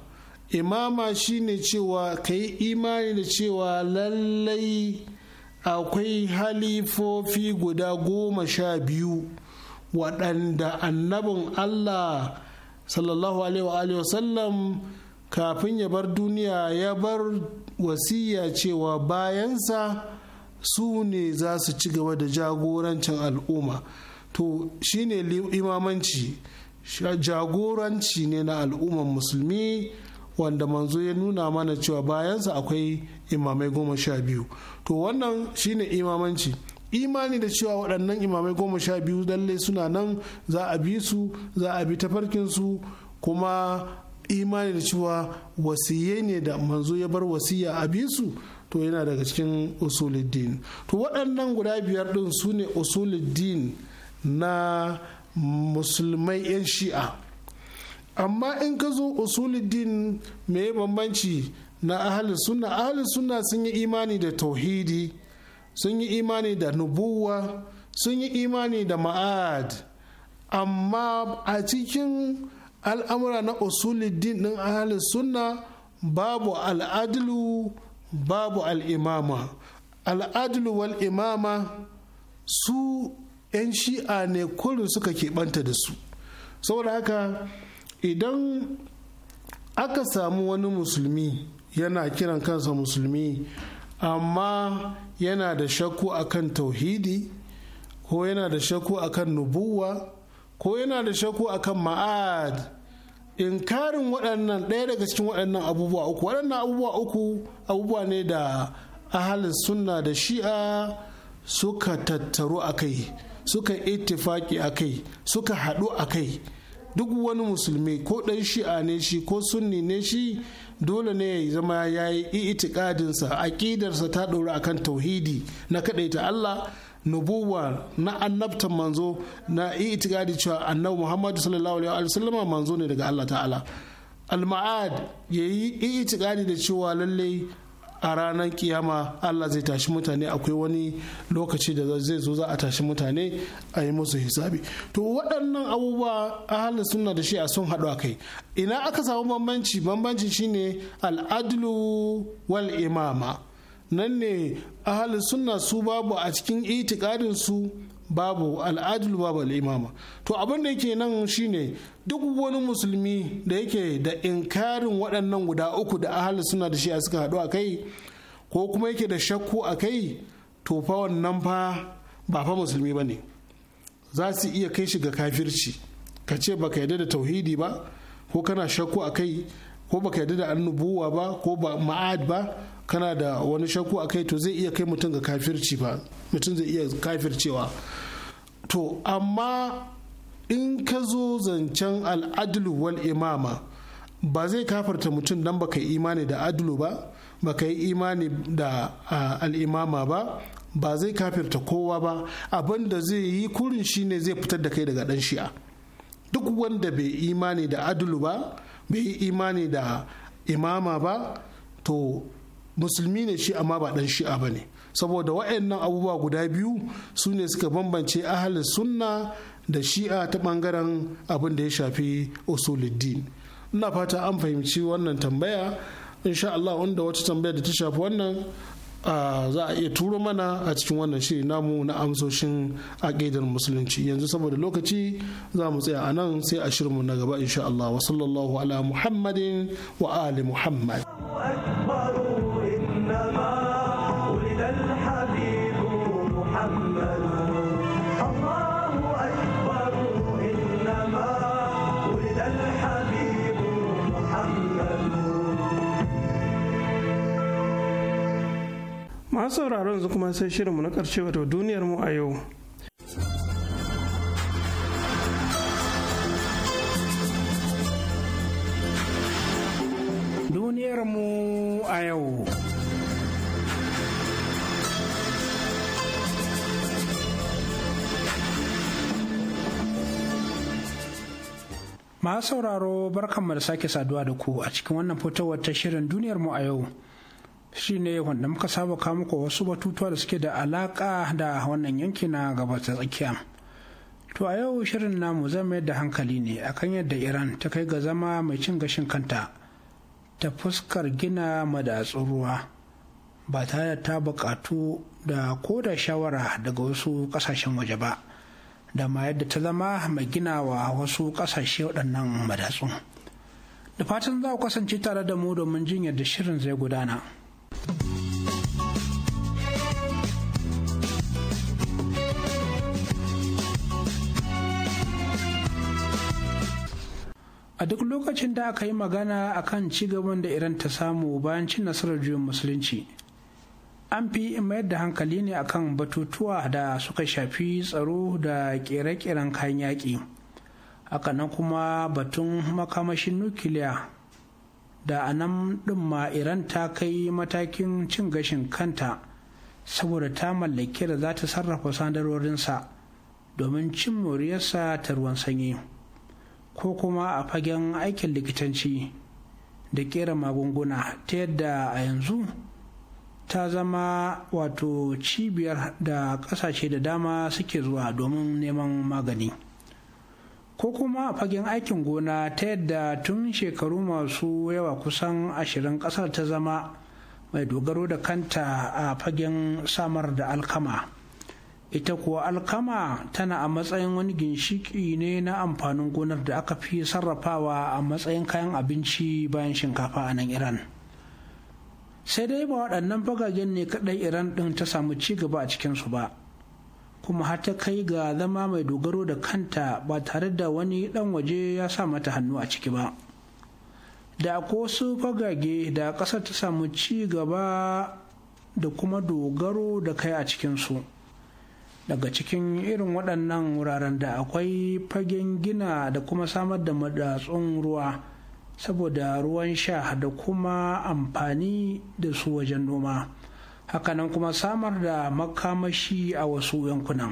imama shine cewa ka yi imani da cewa lallai akwai halifofi guda goma sha biyu waɗanda annabin allah sallallahu alaihi wasallam kafin ya bar duniya ya bar wasiya cewa bayansa su ne za su ci gaba da jagorancin al'umma to shine imamanci jagoranci ne na al'umman musulmi wanda manzo ya nuna mana cewa bayansa akwai imamai goma sha biyu to wannan shine imamanci imani da cewa waɗannan imamai goma sha biyu lalle suna nan za a bi su za a bi tafarkinsu kuma imani da cewa wasiye ne da manzo ya bar wasiya a bi su to yana daga cikin usuluddin to waɗannan guda biyar ɗin su ne usuluddin na musulmai 'yan shi'a amma in ka zo usuluddin mai bambanci na ahli sunna ahli sunna sun yi imani da tauhidi sun yi imani da nubuwa sun yi imani da ma'ad amma a cikin al'amura na usuluddin din ahli sunna babu al'adlu babu al'imama al'adlu wal imama su 'yan shi'a ne kurin suka keɓanta da su saboda haka idan aka samu wani musulmi yana kiran kansa musulmi amma yana da shakku akan tauhidi ko yana da shakku akan nubuwa ko yana da shakku akan ma'ad inkarin waɗannan ɗaya daga cikin waɗannan abubuwa uku waɗannan abubuwa uku abubuwa ne da ahalin sunna da shi'a suka tattaru a kai suka ittifaki a kai suka haɗu a kai duk wani musulmi ko ɗan shi'a ne shi ko sunni ne shi dole ne ya zama ya yi itikadinsa aƙidarsa ta ɗora akan tauhidi na kaɗaita Allah nubuwa na annabtan manzo na itikadi cewa annabi Muhammadu sallallahu alaihi wasallama manzo ne daga Allah ta'ala al-ma'ad yayi itikadi da cewa lallai a ranar kiyama Allah zai tashi mutane akwai wani lokaci da zai zo za a tashi mutane a yi musu hisabi to waɗannan abubuwa halin sunna da shi a sun haɗu a kai ina aka samu bambanci bambanci shine al'adlu wal imama nan ne halin sunna su babu a cikin itikadin su babu al'adul babu al'imama to abin da yake nan shine duk wani musulmi da yake da inkarin waɗannan guda uku da ahal suna da shi a suka haɗu a kai ko kuma yake da shakku a kai to fa wannan fa ba fa musulmi ba ne za su iya kai shi ga kafirci ka ce ba ka yarda da tauhidi ba ko kana shakku a kai ko ba ka yarda da annubuwa ba ko ba ma'ad ba kana da wani shakku a kai to zai iya kai mutum ga kafirci ba mutum zai iya kafircewa to amma in ka zo zancen al'adlu wal imama ba zai kafarta mutum dan baka yi imani da adlu ba baka yi imani da al'imama ba ba zai kafirta kowa ba abin da zai yi kurin shi ne zai fitar da kai daga dan shi'a duk wanda bai imani da adlu ba bai yi imani da imama ba to musulmi ne shi amma ba dan shi'a ba ne saboda wa'annan abubuwa guda biyu su ne suka bambance ahalin sunna da shi'a ta bangaren abin da ya shafi usuluddin ina fata an fahimci wannan tambaya insha Allah wanda wata tambaya da ta shafi wannan za a iya turo mana a cikin wannan shirin namu na amsoshin aqidar musulunci yanzu saboda lokaci za mu tsaya a nan sai a shirin mu na gaba insha Allah wa sallallahu ala muhammadin wa ali muhammad masu sauraron yanzu kuma sai shirinmu na ƙarshe wato duniyar mu a yau duniyar mu a yau masu sauraro barkanmu da sake saduwa da ku a cikin wannan fitowar ta shirin duniyar mu a yau Shi ne wanda muka saba kawo wasu batutuwa da suke da alaka da wannan yanki na gabas ta tsakiya to a yau shirin namu zan mayar da hankali ne akan yadda iran ta kai ga zama mai cin gashin kanta ta fuskar gina madatsun ruwa ba tare da ta bukatu da ko da shawara daga wasu kasashen waje ba da ma yadda ta zama mai gina wa wasu kasashe waɗannan madatsun da fatan za ku kasance tare da mu domin jin yadda shirin zai gudana. a duk lokacin da aka yi magana a kan cigaban da iran ta samu bayan cin nasarar juyin musulunci an fi mayar da hankali ne akan batutuwa da suka shafi tsaro da kere-keren kayan yaƙi hakanan kuma batun makamashin nukiliya da a nan ɗin ma iran ta kai matakin cin gashin kanta saboda ta mallaki da za ta sarrafa sandarorinsa domin cin moriyarsa ta ruwan sanyi ko kuma a fagen aikin likitanci da kera magunguna ta yadda a yanzu ta zama wato cibiyar da ƙasashe da dama suke zuwa domin neman magani. ko kuma a fagen aikin gona ta yadda tun shekaru masu yawa kusan ashirin kasar ta zama mai dogaro da kanta a fagen samar da alkama ita kuwa alkama tana a matsayin wani ginshiki ne na amfanin gonar da aka fi sarrafawa a matsayin kayan abinci bayan shinkafa a nan iran sai dai ba waɗannan fagagen ne kaɗai iran ɗin ta samu ci gaba a cikinsu ba kuma har ta kai ga zama mai dogaro da kanta ba tare da wani ɗan waje ya sa mata hannu a ciki ba da ko su fagage da ƙasar ta samu ci gaba da kuma dogaro da kai a cikinsu daga cikin irin waɗannan wuraren da akwai fagen gina da kuma samar da madatsun ruwa saboda ruwan sha da kuma amfani da su wajen noma hakanan kuma samar da makamashi a wasu yankunan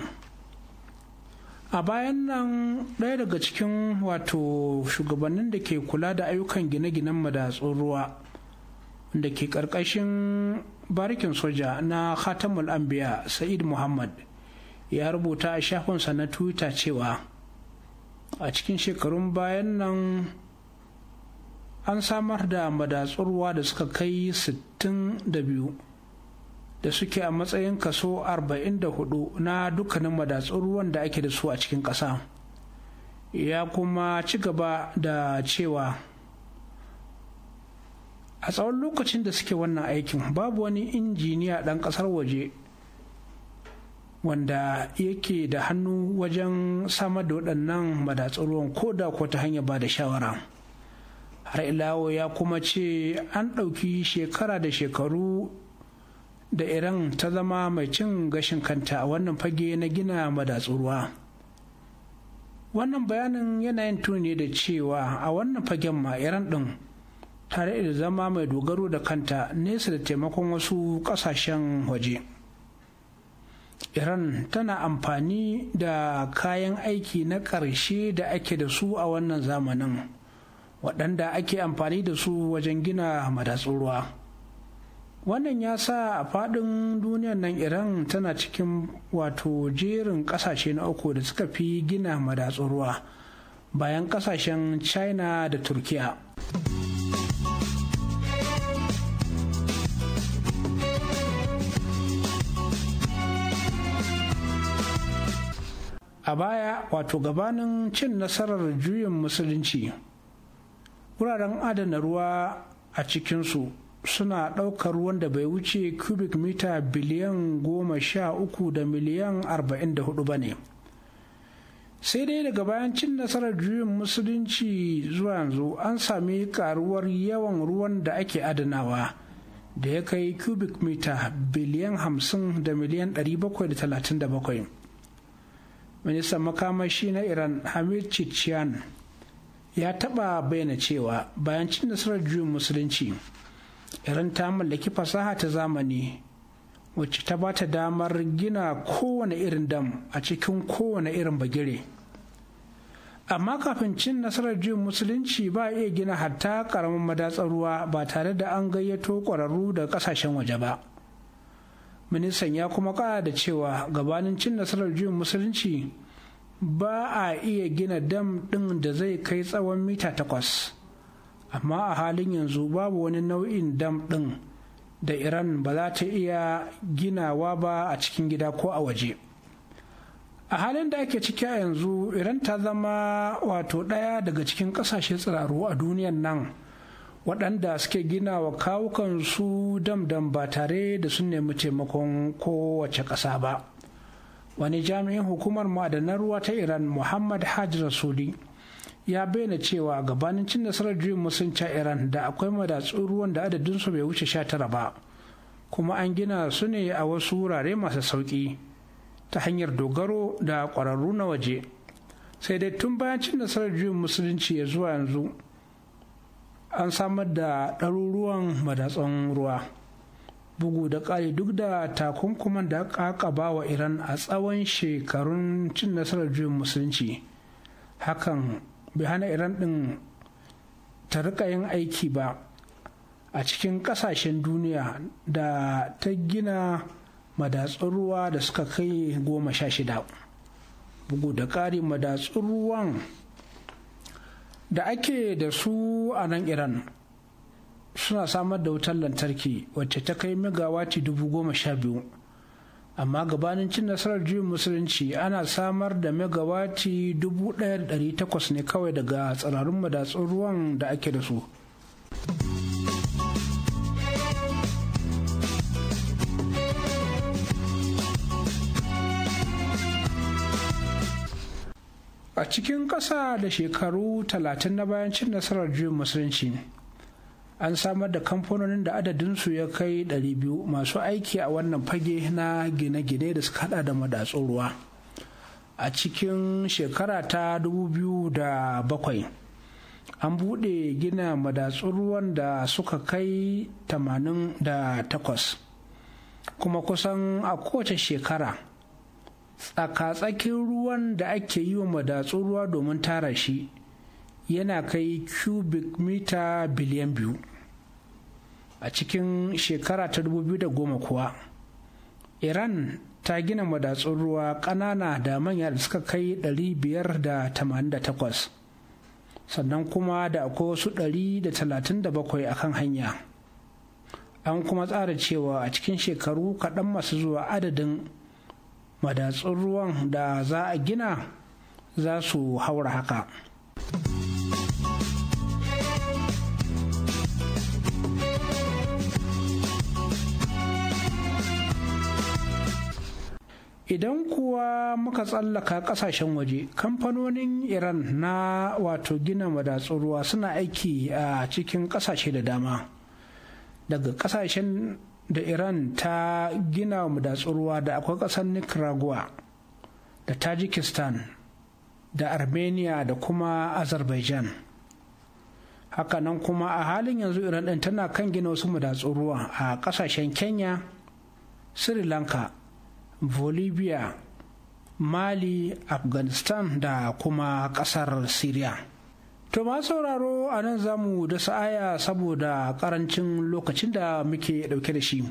a bayan nan ɗaya daga cikin wato shugabannin da ke kula da ayyukan gine-ginen madatsun ruwa da ke ƙarƙashin barikin soja na khatamul anbiya sa'id muhammad ya rubuta a shafinsa na twitter cewa a cikin shekarun bayan nan an samar da madatsun ruwa da suka kai 62 da suke a matsayin kaso 44 na dukkanin madatsun ruwan da ake da su a cikin ƙasa ya kuma ci gaba da cewa a tsawon lokacin da suke wannan aikin babu wani injiniya ɗan ƙasar waje wanda yake da hannu wajen samar da waɗannan madatsun ruwan ko da ko ta hanyar ba da shawara har ilawo ya kuma ce an ɗauki shekara da shekaru da iran ta zama mai cin gashin kanta a wannan fage na gina madatsu wannan bayanin yanayin tuni da cewa a wannan fagen ma iran ɗin tare da zama mai dogaro da kanta nesa da taimakon wasu kasashen waje iran tana amfani da kayan aiki na ƙarshe da ake da su a wannan zamanin waɗanda ake amfani da su wajen gina madatsuruwa wannan ya sa a faɗin duniyar nan iran tana cikin wato jerin ƙasashe na uku da suka fi gina madatsun ruwa bayan ƙasashen china da turkiya a baya wato gabanin cin nasarar juyin musulunci wuraren adana ruwa a cikinsu suna ɗaukar ruwan da bai wuce cubic mita biliyan goma sha uku da miliyan arba'in da hudu ba ne sai dai daga bayan cin nasarar juyin musulunci zuwa yanzu an sami karuwar yawan ruwan da ake adanawa da ya kai cubic mita biliyan hamsin da miliyan bakwai ministan makamashi na iran hamid chichian ya taɓa bayyana cewa bayan cin nasarar juyin musulunci irin ta mallaki fasaha ta zamani wacce ta ba ta damar gina kowane irin dam a cikin kowane irin bagire amma kafin cin nasarar juyin musulunci ba a iya gina hatta karamin madatsar ruwa ba tare da an gayyato ƙwararru daga ƙasashen waje ba ministan ya kuma kara da cewa gabanin cin nasarar juyin musulunci ba a iya gina dam ɗin da zai kai tsawon mita takwas amma a halin yanzu babu wani nau'in dam ɗin da iran ba za ta iya ginawa ba a cikin gida ko a waje a halin da ake ciki a yanzu iran ta zama wato ɗaya daga cikin ƙasashe tsiraru a duniyan nan waɗanda suke gina wa kawukansu dam-dam ba tare da sun nemi taimakon kowace ƙasa ba wani jami'in hukumar ma'adanar ruwa ta iran muhammad hajj rasuli ya bayyana cewa gabanin cin nasarar juyin musulunci iran da akwai madatsun ruwan da adadinsu bai wuce sha tara ba kuma an gina su ne a wasu wurare masu sauƙi ta hanyar dogaro da ƙwararru na waje sai dai tun bayan cin nasarar juyin musulunci ya zuwa yanzu an samar da ɗaruruwan madatsun ruwa bugu da ƙari duk da takunkuman da aka wa iran a tsawon shekarun cin nasarar juyin musulunci hakan bai hana iran din ta rika yin aiki ba a cikin ƙasashen duniya da ta gina madatsun ruwa da suka kai goma sha shida bugu da ƙari madatsun ruwan da ake da su a nan iran suna samar da wutar lantarki wacce ta kai megawati dubu goma sha biyu amma gabanin cin nasarar juyin musulunci ana samar da megawati 1,800 ne kawai daga tsirarun madatsun ruwan da ake da su a cikin ƙasa da shekaru 30 na bayan cin nasarar juyin musulunci an samar da kamfanonin da adadinsu ya kai 200 masu aiki a wannan fage na gine-gine da suka hada da madatsun ruwa a cikin shekara ta 2007 an buɗe gina madatsun ruwan da suka kai 88 kuma kusan a kowace shekara tsaka-tsakin ruwan da ake yi wa madatsun ruwa domin tara shi yana kai cubic mita biliyan biyu a cikin shekara ta 2010 kuwa iran ta gina madatsun ruwa ƙanana da manya da suka kai 588 sannan kuma da akwai wasu 137 a kan hanya an kuma tsara cewa a cikin shekaru kaɗan masu zuwa adadin madatsun ruwan da za a gina za su haura haka. idan kuwa muka tsallaka kasashen waje kamfanonin iran na wato gina madatsun ruwa suna aiki a cikin kasashe da dama daga kasashen da iran ta gina madatsun ruwa da akwai kasar nicaragua da tajikistan da armenia da kuma azerbaijan hakanan kuma a halin yanzu iran din tana kan gina wasu madatsun ruwa a kasashen kenya sri lanka bolivia mali afghanistan da kuma ƙasar syria to ma sauraro a nan za mu da sa'aya saboda ƙarancin lokacin da muke ɗauke da shi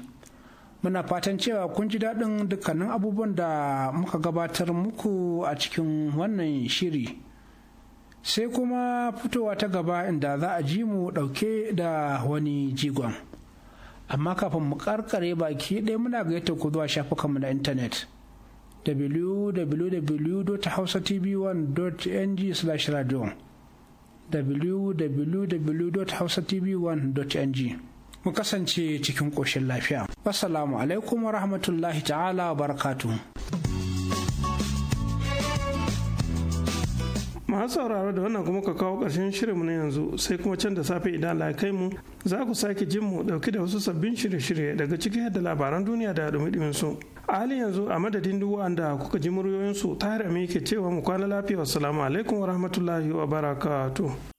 muna fatan cewa kun ji daɗin dukkanin abubuwan da muka gabatar muku a cikin wannan shiri sai kuma fitowa ta gaba inda za a ji mu ɗauke da wani jigon. amma kafin mu karkare baki ɗaya muna gayyata ku zuwa shafukanmu na intanet www.hausatv1.ng/radio www.hausatv1.ng mu kasance cikin ƙoshin lafiya. Wassalamu alaikum wa rahmatullahi ta'ala wa barakatuhu. masu sauraro da wannan kuma ka kawo ƙarshen shirinmu na yanzu sai kuma can da safe idan Allah kai mu za ku sake jin mu dauki da wasu sabbin shirye-shirye daga ciki yadda labaran duniya da dumi su a halin yanzu a madadin duk wanda kuka ji muryoyin su tare me yake cewa mu kwana lafiya assalamu alaikum wa rahmatullahi wa barakatuh